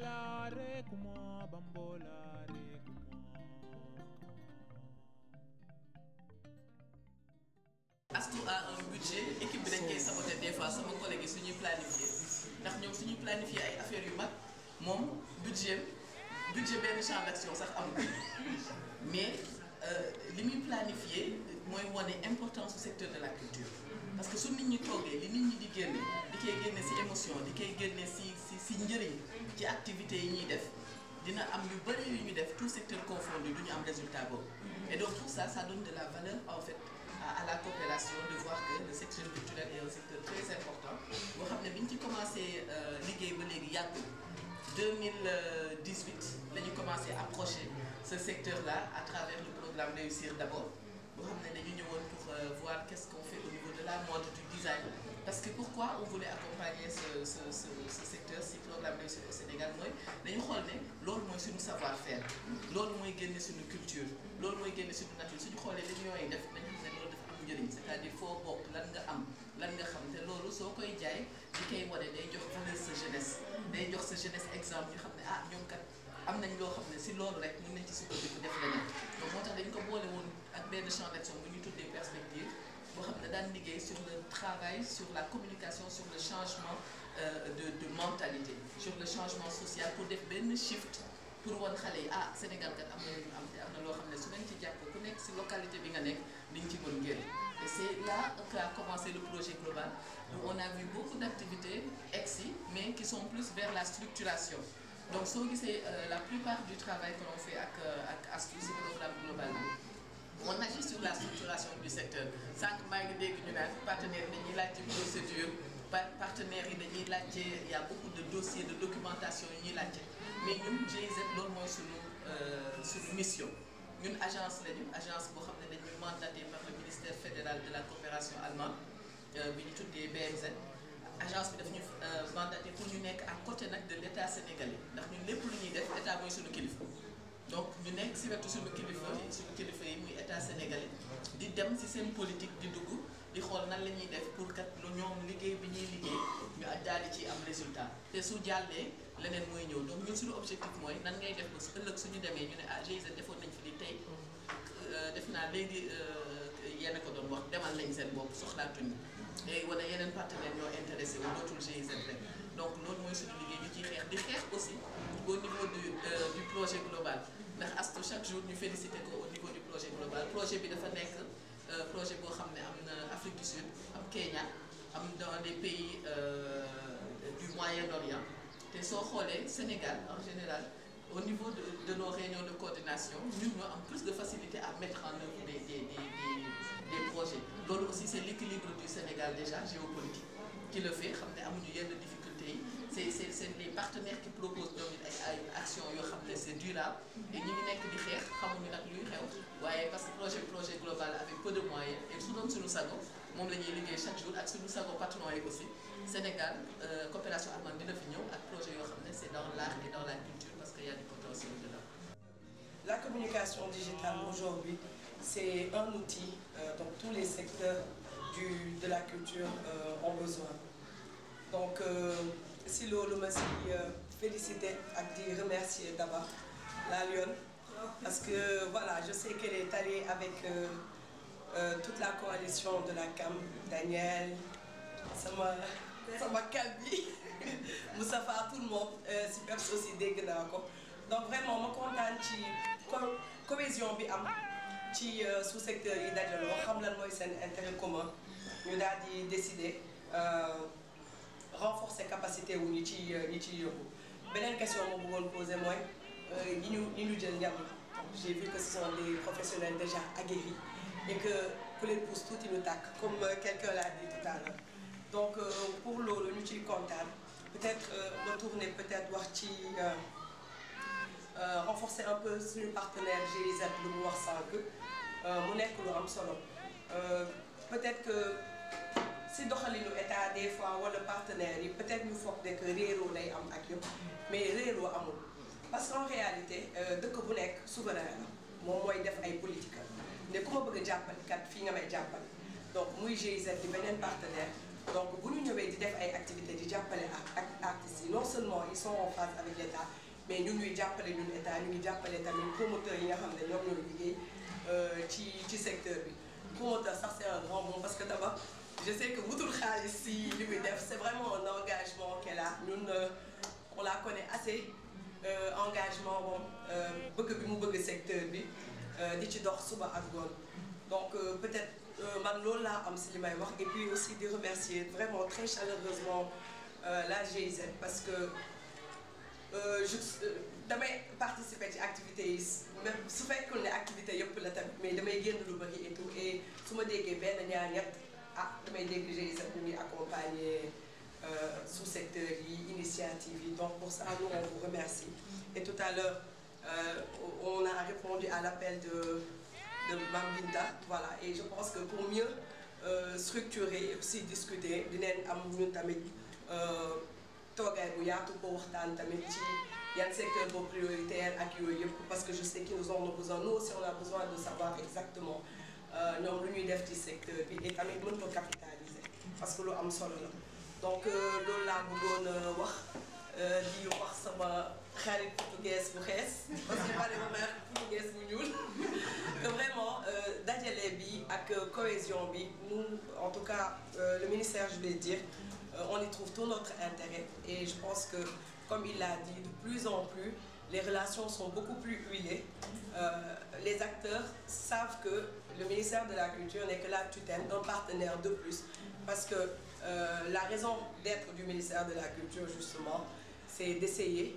La un budget équipe bi dañ des fois collègue planifier ndax planifier yu budget budget ben champ d'action sax mais euh, li muy planifier mooy important importance du secteur de la culture parce que su nit ñi li nit ñi di di émotion di ci activités yi ñuy def dina am yu bari ñu def tout secteur confondu du am résultat mm-hmm. et donc tout ça ça donne de la valeur en fait à la coopération de voir que le secteur culturel est un secteur très important Nous avons biñ ci commencé à 2018 Nous avons commencé approcher ce secteur là à travers le programme réussir d'abord Nous xamné dañu ñëwone pour euh, voir qu'est-ce qu'on fait au niveau de la mode du design parce que pourquoi on voulait accompagner ce, ce, ce, ce secteur si programme réussite au Sénégal moi dañu xol né loolu moy suñu savoir-faire loolu moy génne suñu culture loolu moy génne suñu nature suñu xolé dañu ñooy def dañu xam ne loolu dafa am njëriñ c'est-à-dire foo bokk lan nga am lan nga xam té loolu soo koy jaay di koy wane day jox valeur sa jeunesse day jox sa jeunesse exemple ñu xamné ah ñoom kat am nañ lo xamné si loolu rek mën nañ ci sukkandiku def leneen donc moo tax dañ ko bolé woon ak benn champ d'action sur le travail sur la communication sur le changement euh, de mentalité sur le changement social pour des "ben shift pour voir que à Sénégal quand localité et c'est là a commencé le projet global on a vu beaucoup d'activités mais qui sont plus vers la structuration donc c'est euh, la plupart du travail que l'on fait avec euh, ce ASTU programme global on agit sur la structuration du secteur 5 maa de partenaires, ñu naan partenaire procédure partenaires la dañuy il y a beaucoup de dossiers de documentation ni la mais nous, GIZ normalement mooy nos euh, missions. mission ñun agence une agence boo xam mandatée par le ministère fédéral de la coopération allemande euh, bi ñu des BMZ agence bi daf ñu euh, mandaté pour ñu nekk à côté de l'état sénégalais ndax ñun lépp lu ñuy def état mooy suñu kilifa donc ñu nekk si wetu suñu kilifa yi suñu kilifa yi muy état sénégalais di dem si sen politique di dugg di xol nan la def pour kat lu ñoom liggéey bi ñuy liggéey ñu ak ci am résultat te su jàllee leneen mooy ñëw donc ñun suñu objectif mooy nan ngay def ba su ëllëg suñu demee ñu ne ah GIZ defoon nañ fi di tey euh, def naa léegi euh, yenn ko doon wax demal lañ seen bopp soxlaatuñu tey wala yeneen partenaires ñoo intéressé wu dootul GIZ rek donc loolu mooy suñu liggéey ñu ciy xeex di xeex aussi au niveau du euh, du projet global nous astro chaque jour nous félicitons au niveau du projet global projet bi euh, projet pour l'Afrique Afrique du Sud en Kenya dans les pays euh, du Moyen-Orient te soo Sénégal en général au niveau de nos réunions de coordination nous avons plus de facilité à mettre en œuvre des projets Donc aussi c'est l'équilibre du Sénégal déjà géopolitique qui le fait Nous avons amuñu difficultés c'est les partenaires qui proposent une action action c'est actions c'est durable et nous, ngi nekk di xeex xamuñu nag luy xew parce que projet projet global avec peu de moyens et tout doon nous savons savons nous le chaque jour ak suñu nous savons aussi Sénégal euh, coopération allemande dina fi avec ak projet dans l'art et dans la culture parce qu'il y a du potentiel dedans. La communication digitale aujourd'hui, c'est un outil euh, dont tous les secteurs du, de la culture euh, ont besoin. Donc, si loolu ma si euh, félicité à remercier d'abord la Lyon parce que voilà je sais qu'elle est allée avec euh, euh, toute la coalition de la CAM Daniel sama sama kal tout le monde super peps aussi nous avons. donc vraiment je suis ci cohésion bi am ci sous secteur. yi dajaloo xam lan intérêt commun nous avons décidé renforcer capacité capacités au ci Mais la question que vous posé poser, poser, euh, ñu ñi nous j'ai vu que ce sont des professionnels déjà aguerris et que les leen pousse tout une attaque, comme euh, quelqu'un l'a dit tout à l'heure donc euh, pour le ñu Comptable, peut-être retourner, peut-être voir ci renforcer un peu son partenaire j'ai GIZ le mu wax sànq mu nekk lu am solo peut-être que des fois le partenaire il peut-être nous faut que lay am ak mais parce qu'en réalité que euh, bu souverain mon moy def politique ne kat donc di partenaire donc di def ay activités artistes non seulement ils sont en phase avec l'État mais nous ñuy état ñu yi nga euh, secteur bi promoteur c'est un grand bon, parce que d'abord je sais que vous xaalis ici, lui, c'est vraiment un engagement qu'elle a Nous, on la connaît assez euh, engagement bon, beaucoup de secteurs, bëgg secteur bi euh, di ci dox suba donc euh, peut-être man loolu am si et puis aussi de remercier vraiment très chaleureusement la GIZ parce que je damay participer ci activités même su fekkul ne activité yëpp la tamit mais damay génn lu bëri et tout et su ma déggee benn ñaar ñett ah damay les accompagner euh, sous-secteur initiative donc pour ça nous on vous remercie et tout à l'heure euh, on a répondu à l'appel de de voilà et je pense que pour mieux euh, structurer aussi discuter il y a tamit euh, secteur prioritaire parce que je sais qu'ils nous en ont besoin nous aussi on a besoin de savoir exactement nous euh, lu ñuy def secteur et nous devons capitaliser parce que nous am solo donc euh, nous euh, wax wax sama xarit portugais parce que ma vraiment cohésion bi nous en tout cas le ministère je vais dire on y trouve tout notre intérêt et je pense que comme il l'a dit de plus en plus les relations sont beaucoup plus huilées les acteurs savent que le ministère de la Culture n'est que la tutelle d'un partenaire de plus. Parce que euh, la raison d'être du ministère de la Culture, justement, c'est d'essayer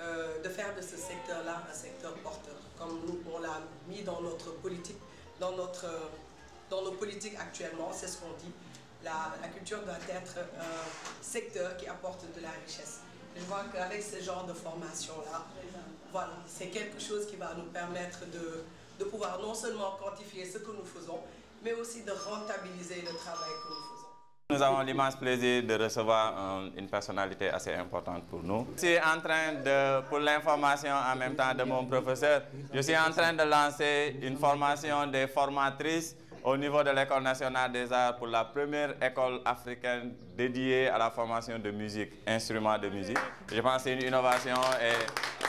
euh, de faire de ce secteur-là un secteur porteur, comme nous, on l'a mis dans notre politique, dans, notre, dans nos politiques actuellement, c'est ce qu'on dit. La, culture doit être un secteur qui apporte de la richesse. Je vois qu'avec ce genre de formation-là, voilà, c'est quelque chose qui va nous permettre de, de pouvoir non seulement quantifier ce que nous faisons, mais aussi de rentabiliser le travail que nous faisons. Nous avons l'immense plaisir de recevoir euh, une personnalité assez importante pour nous. Je suis en train de, pour l'information en même temps de mon professeur, je suis en train de lancer une formation des formatrices au niveau de l'École nationale des arts pour la première école africaine dédiée à la formation de musique, instruments de musique. Je pense que c'est une innovation et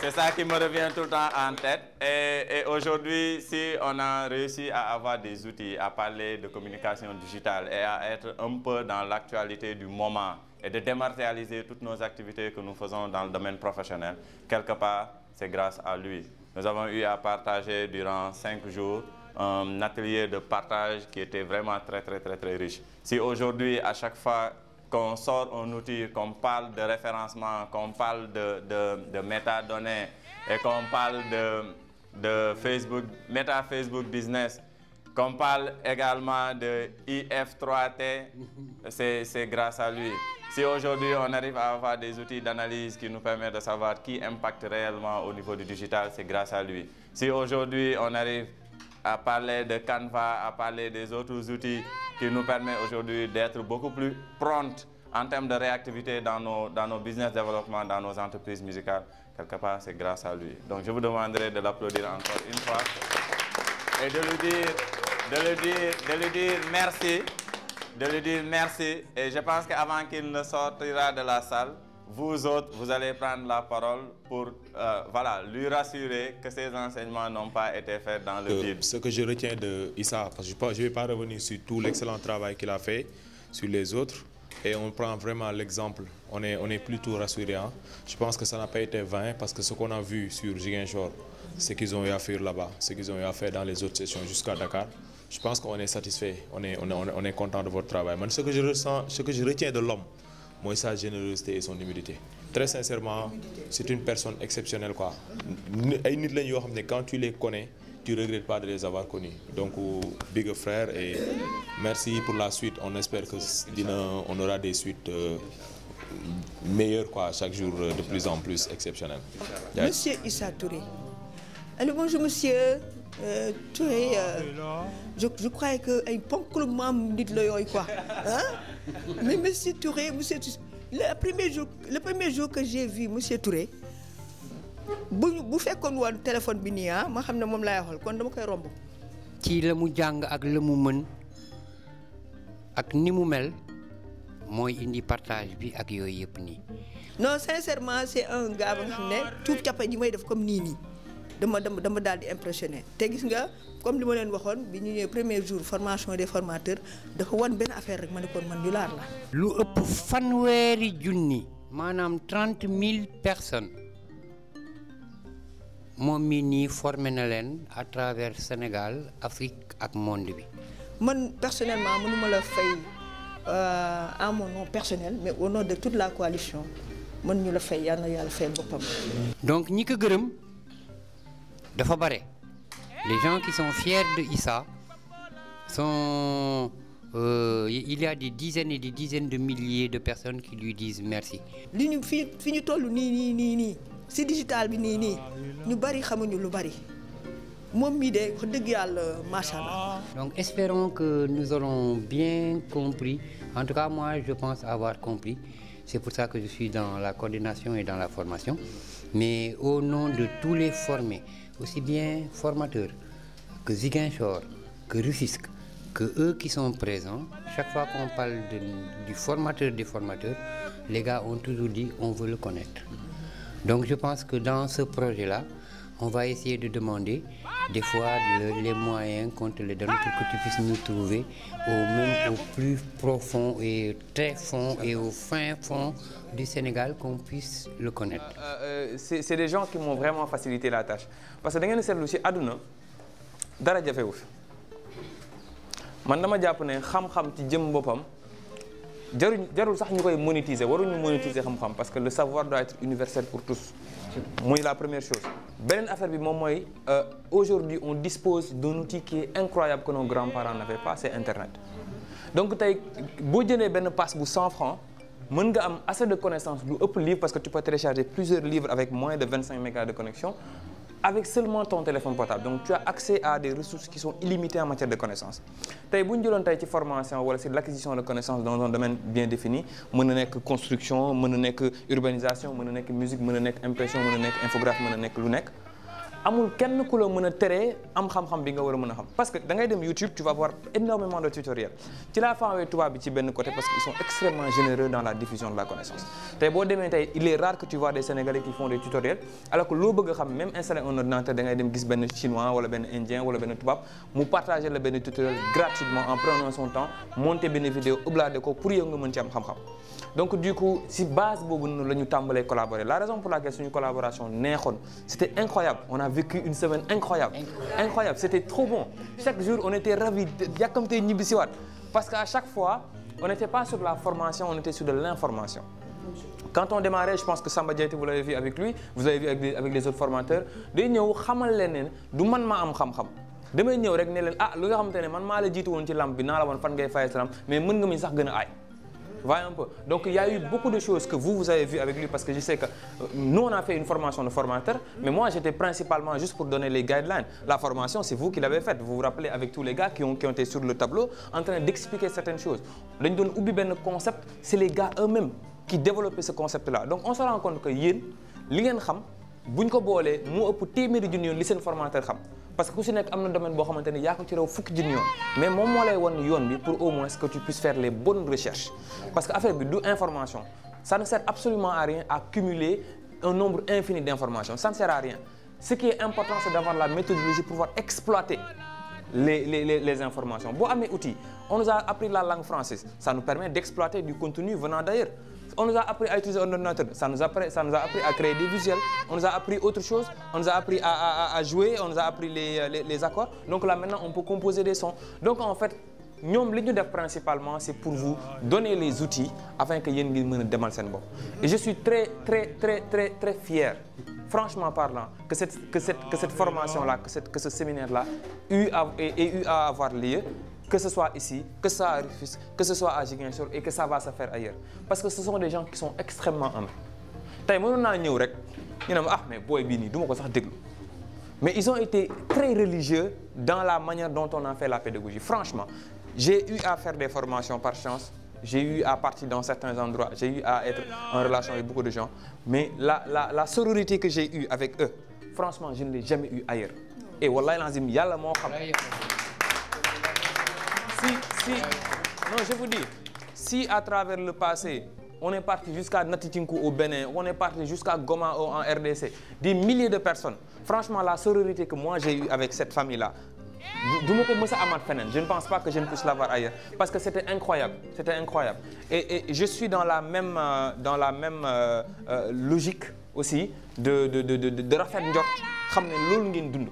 c'est ça qui me revient tout le temps en tête. Et, et aujourd'hui, si on a réussi à avoir des outils, à parler de communication digitale et à être un peu dans l'actualité du moment et de dématérialiser toutes nos activités que nous faisons dans le domaine professionnel, quelque part, c'est grâce à lui. Nous avons eu à partager durant cinq jours un atelier de partage qui était vraiment très, très, très, très riche. Si aujourd'hui, à chaque fois qu'on sort un outil, qu'on parle de référencement, qu'on parle de, de, métadonnées et qu'on parle de, de Facebook, Meta Facebook Business, qu'on parle également de IF3T, c'est grâce à lui. Si aujourd'hui on arrive à avoir des outils d'analyse qui nous permettent de savoir qui impacte réellement au niveau du digital, c'est grâce à lui. Si aujourd'hui on arrive à parler de Canva, à parler des autres outils qui nous permettent aujourd'hui d'être beaucoup plus prontes en termes de réactivité dans nos, dans nos business développement, dans nos entreprises musicales. Quelque part, c'est grâce à lui. Donc, je vous demanderai de l'applaudir encore une fois et de dire, de de lui dire merci, de lui dire merci. Et je pense qu'avant qu'il ne sortira de la salle, vous autres, vous allez prendre la parole pour euh, voilà, lui rassurer que ces enseignements n'ont pas été faits dans le euh, vide. Ce que je retiens de Issa, parce que je ne vais pas revenir sur tout l'excellent travail qu'il a fait, sur les autres, et on prend vraiment l'exemple. On est, on est plutôt rassuré. Hein. Je pense que ça n'a pas été vain parce que ce qu'on a vu sur Giguinchor, ce qu'ils ont eu à faire là-bas, ce qu'ils ont eu à faire dans les autres sessions jusqu'à Dakar, je pense qu'on est satisfait, on est, on est, on est content de votre travail. Mais ce que je ressens, ce que je retiens de l'homme, moi sa générosité et son humilité très sincèrement c'est une personne exceptionnelle quoi quand tu les connais tu regrettes pas de les avoir connus donc euh, big frère et merci pour la suite on espère que on aura des suites euh, meilleures quoi chaque jour euh, de plus en plus exceptionnelles. Monsieur Issa Touré bonjour monsieur. Touré je je croyais que ay ponk club m'a nit la quoi hein? Mais monsieur Touré, monsieur le premier jour, le premier jour que j'ai vu monsieur Touré, bu faites fekkoon woon téléphone bi nii ah ma xam ne moom laay xool kon dama koy romb. ci qui le jàng ak la mu ak ni mu mel indi partage bi ak yoyep ni. non sincèrement c'est un gars ba nga xam ne tuub cappa ji may def comme Nini. Je dama impressionné comme je ma leen le bi ñu premier jour formation des formateurs dafa wan benn affaire rek ma ne kon man ñu laar la lu ëpp fanweeri junni maanaam 30 personnes moom mii formé à travers le Sénégal l'Afrique et le monde bi. man personnellement je le fay euh, à mon nom personnel mais au nom de toute la coalition Je ñu la fay yal na fay donc ñi ko les gens qui sont fiers de Issa sont euh, il y a des dizaines et des dizaines de milliers de personnes qui lui disent merci. Nous digital Nous nous de donc espérons que nous aurons bien compris en tout cas moi je pense avoir compris c'est pour ça que je suis dans la coordination et dans la formation mais au nom de tous les formés aussi bien formateurs que Ziguinchor, que Rufisk que eux qui sont présents, chaque fois qu'on parle du formateur des formateurs, les gars ont toujours dit on veut le connaître. Donc je pense que dans ce projet-là, on va essayer de demander des fois les moyens contre les donne pour que tu puisses nous trouver au même au plus profond et très fond et au fin fond du Sénégal qu'on puisse le connaître. Euh, euh, c'est des gens qui m'ont vraiment facilité la tâche parce que da ngeen le Aduna, dara Je man dama jàpp ne xam-xam ci jëm boppam jarul sax monétiser monétiser parce que le savoir doit être universel pour tous. Moi, la première chose euh, aujourd'hui on dispose d'un outil qui est incroyable que nos grands-parents n'avaient pas c'est internet donc si tu passe pour 100 francs tu nga assez de connaissances pour le livre parce que tu peux télécharger plusieurs livres avec moins de 25 mégas de connexion avec seulement ton téléphone portable donc tu as accès à des ressources qui sont illimitées en matière de connaissances Tu bu une jëloon formation c'est l'acquisition de connaissances dans un domaine bien défini mën construction mën urbanisation musique mën impression infographie mën lune amul kenn ku la mën a am xam-xam bi nga war parce que da ngay dem YouTube tu vas voir énormément de tutoriels ci la fawee tubaab bi ci benn côté parce qu'ils sont extrêmement généreux dans la diffusion de la connaissance tey boo il est rare que tu vois des Sénégalais qui font des tutoriels alors que loo bëgg a xam même installer un ordinateur da ngay dem gis chinois wala Indiens indien wala benn tubaab mu partager la benn tutoriel gratuitement en prenant son temps monter benn vidéo ou ko pour yow nga mën ci am xam-xam donc du coup si base pour que la ñu collaborer la raison pour laquelle suñu collaboration neexoon c'était incroyable a vécu une semaine incroyable. Incroyable, c'était trop bon. Chaque jour, on était ravis. Nibisiwat. Parce qu'à chaque fois, on n'était pas sur la formation, on était sur de l'information. Quand on démarrait, je pense que Samba Diaité, vous l'avez vu avec lui, vous avez vu avec, les autres formateurs, de ñew xamal lenen du man ma am xam xam. Demay ñew rek ne len ah lu nga xamantene man ma la jitu won ci lamb bi na la won fan ngay salam mais mën nga mi sax gëna ay. Voyez un peu. Donc il y a eu beaucoup de choses que vous, vous avez vues avec lui parce que je sais que euh, nous, on a fait une formation de formateur, mais moi, j'étais principalement juste pour donner les guidelines. La formation, c'est vous qui l'avez faite. Vous vous rappelez avec tous les gars qui ont, qui ont été sur le tableau en train d'expliquer certaines choses. Nous donne un concept, c'est les gars eux-mêmes qui développaient ce concept-là. Donc on se rend compte que yin, ce que vous savez, si vous savez, c'est plus de 100 formateur formateurs parce que si tu dans un domaine où tu ko mais moi, pour au moins que tu puisses faire les bonnes recherches parce que affaire bi informations, information ça ne sert absolument à rien à cumuler un nombre infini d'informations ça ne sert à rien ce qui est important c'est d'avoir la méthodologie pour pouvoir exploiter les, les, les informations. Bon, à mes outils, on nous a appris la langue française. Ça nous permet d'exploiter du contenu venant d'ailleurs. On nous a appris à utiliser un ordinateur, ça nous, a, ça nous a appris à créer des visuels, on nous a appris autre chose, on nous a appris à, à, jouer, on nous a appris les, les, accords. Donc là maintenant, on peut composer des sons. Donc en fait, nous li principalement c'est pour vous donner les outils afin que vous puissiez mën ce et je suis très très très très très fier franchement parlant que cette que cette que cette formation là que que ce séminaire là ait eu à avoir lieu que ce soit ici, que ce soit à Rufus, que ce soit à Ziguinchor et que ça va se faire ailleurs. Parce que ce sont des gens qui sont extrêmement humbles. Tay ont dit, ah mais boy bi ni Mais ils ont été très religieux dans la manière dont on a fait la pédagogie. Franchement, j'ai eu à faire des formations par chance, j'ai eu à partir dans certains endroits, j'ai eu à être en relation avec beaucoup de gens, mais la, sororité que j'ai eue avec eux, franchement, je ne l'ai jamais eue ailleurs. Et Wallah, il y a non, je vous dis, si à travers le passé, on est parti jusqu'à Natitinkou au Bénin, on est parti jusqu'à Goma en RDC, des milliers de personnes. Franchement, la sororité que moi j'ai eue avec cette famille-là, je ne pense pas que je ne puisse l'avoir ailleurs. Parce que c'était incroyable. C'était incroyable. Et, je suis dans la même, euh, dans la même euh, euh, logique aussi de de de de de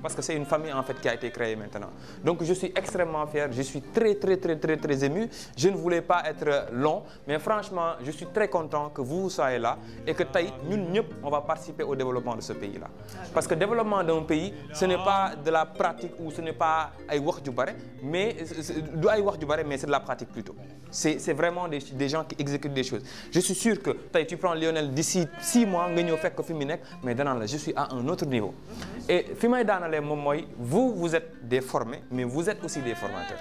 parce que c'est une famille en fait qui a été créée maintenant donc je suis extrêmement fier je suis très très très très très ému je ne voulais pas être long mais franchement je suis très content que vous soyez là et que nous nous on va participer au développement de ce pays là parce que développement d'un pays ce n'est pas de la pratique ou ce n'est pas ay wax mais du ay mais c'est de la pratique plutôt c'est vraiment des gens qui exécutent des choses je suis sûr que tey tu prends Lionel d'ici six mois nga au faire fi mais danaan la je suis à un autre niveau et fi may daanalee moom vous vous êtes des formés mais vous êtes aussi des formateurs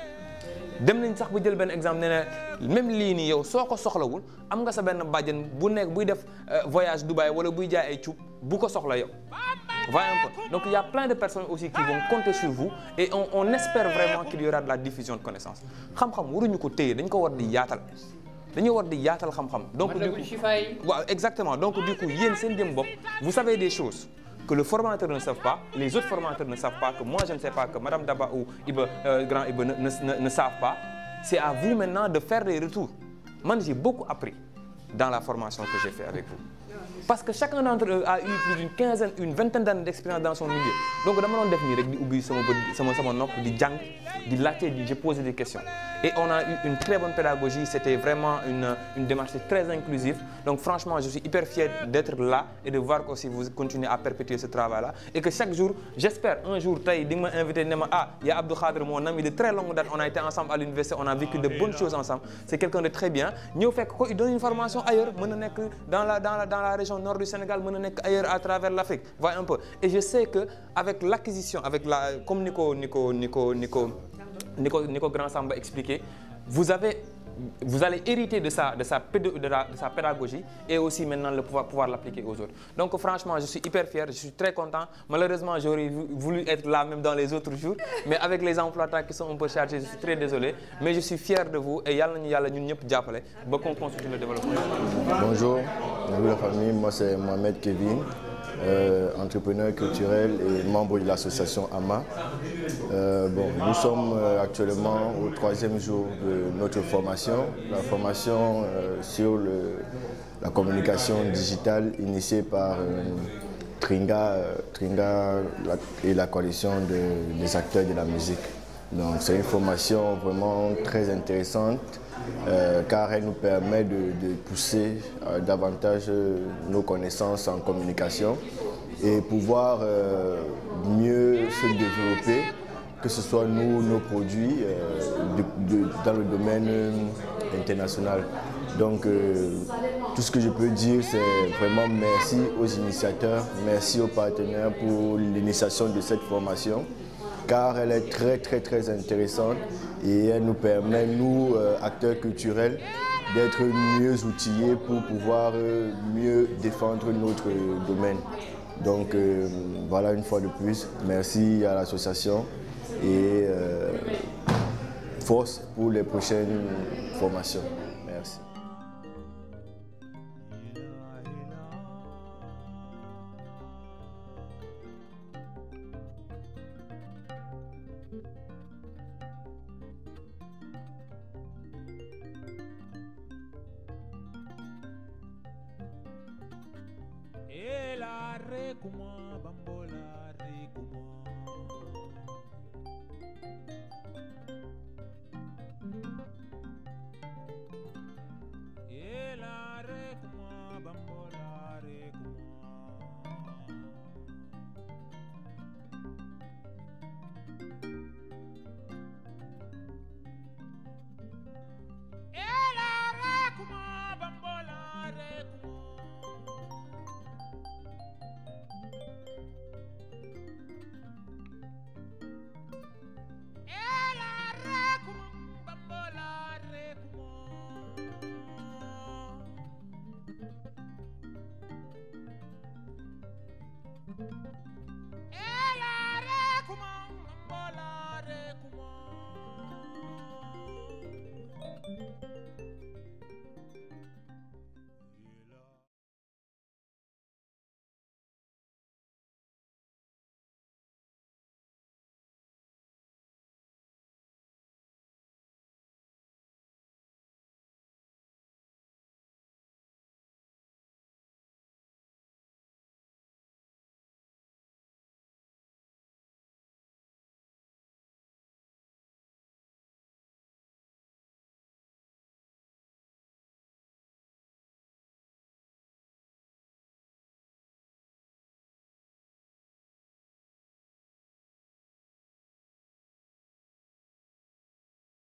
dem nañ sax bu jël ben exemple né même li ni yow soko ko soxlawul am nga sa ben bàjjen bu nek buy def euh, voyage Dubaï wala buy jaay ay cuub bu ko soxla yow Voyons Donc il y a plein de personnes aussi qui vont compter sur vous et on, on espère vraiment qu'il y aura de la diffusion de connaissances. Xam-xam waruñu ko téye dañ ko war di yaatal war donc du coup exactement donc du coup vous savez des choses que le formateur ne savent pas les autres formateurs ne savent pas que moi je ne sais pas que madame Daba ou Iba euh, Grand Iba ne, savent pas c'est à vous maintenant de faire les retours Moi, j'ai beaucoup appris dans la formation que j'ai fait avec vous parce que chacun d'entre eux a eu plus d'une quinzaine une vingtaine d'années d'expérience dans son milieu donc on me suis dit que j'ai posé des questions et on a eu une très bonne pédagogie c'était vraiment une démarche très inclusive donc franchement je suis hyper fier d'être là et de voir si vous continuez à perpétuer ce travail là et que chaque jour j'espère un jour tey il ma invité Il y a Abdou mon ami de très longue date on a été ensemble à l'université on a vécu de bonnes choses ensemble c'est quelqu'un de très bien Nioufek, il donne une formation ailleurs dans la dans dans la région nord du Sénégal mais ailleurs à travers l'Afrique. voyez un peu et je sais que avec avec la comme Nico Grand Samba expliqué vous avez vous allez hériter de sa, de, sa, pédagogie et aussi maintenant le pouvoir, pouvoir l'appliquer aux autres. Donc franchement, je suis hyper fier, je suis très content. Malheureusement, j'aurais voulu être là même dans les autres jours, mais avec les emplois qui sont un peu chargés, je suis très désolé. Mais je suis fier de vous et yalla nous yalla développement Bonjour. Bonjour la famille, moi c'est Mohamed Kevin, euh, entrepreneur culturel et membre de l'association AMA. Euh, nous sommes euh, actuellement au troisième jour de notre formation, la formation sur la communication digitale initiée par Tringa, Tringa et la coalition des acteurs de la musique. Donc c'est une formation vraiment très intéressante euh, car elle nous permet de, pousser euh, davantage euh, nos connaissances en communication et pouvoir mieux se développer, que ce soit nous, nos produits, dans le domaine international. Donc tout ce que je peux dire, c'est vraiment merci aux initiateurs, merci aux partenaires pour l'initiation de cette formation car elle est très très très intéressante et elle nous permet, nous, euh, acteurs culturels, d'être mieux outillés pour pouvoir euh, mieux défendre notre domaine. Donc euh, voilà une fois de plus, merci à l'association et force pour les prochaines formations. Merci.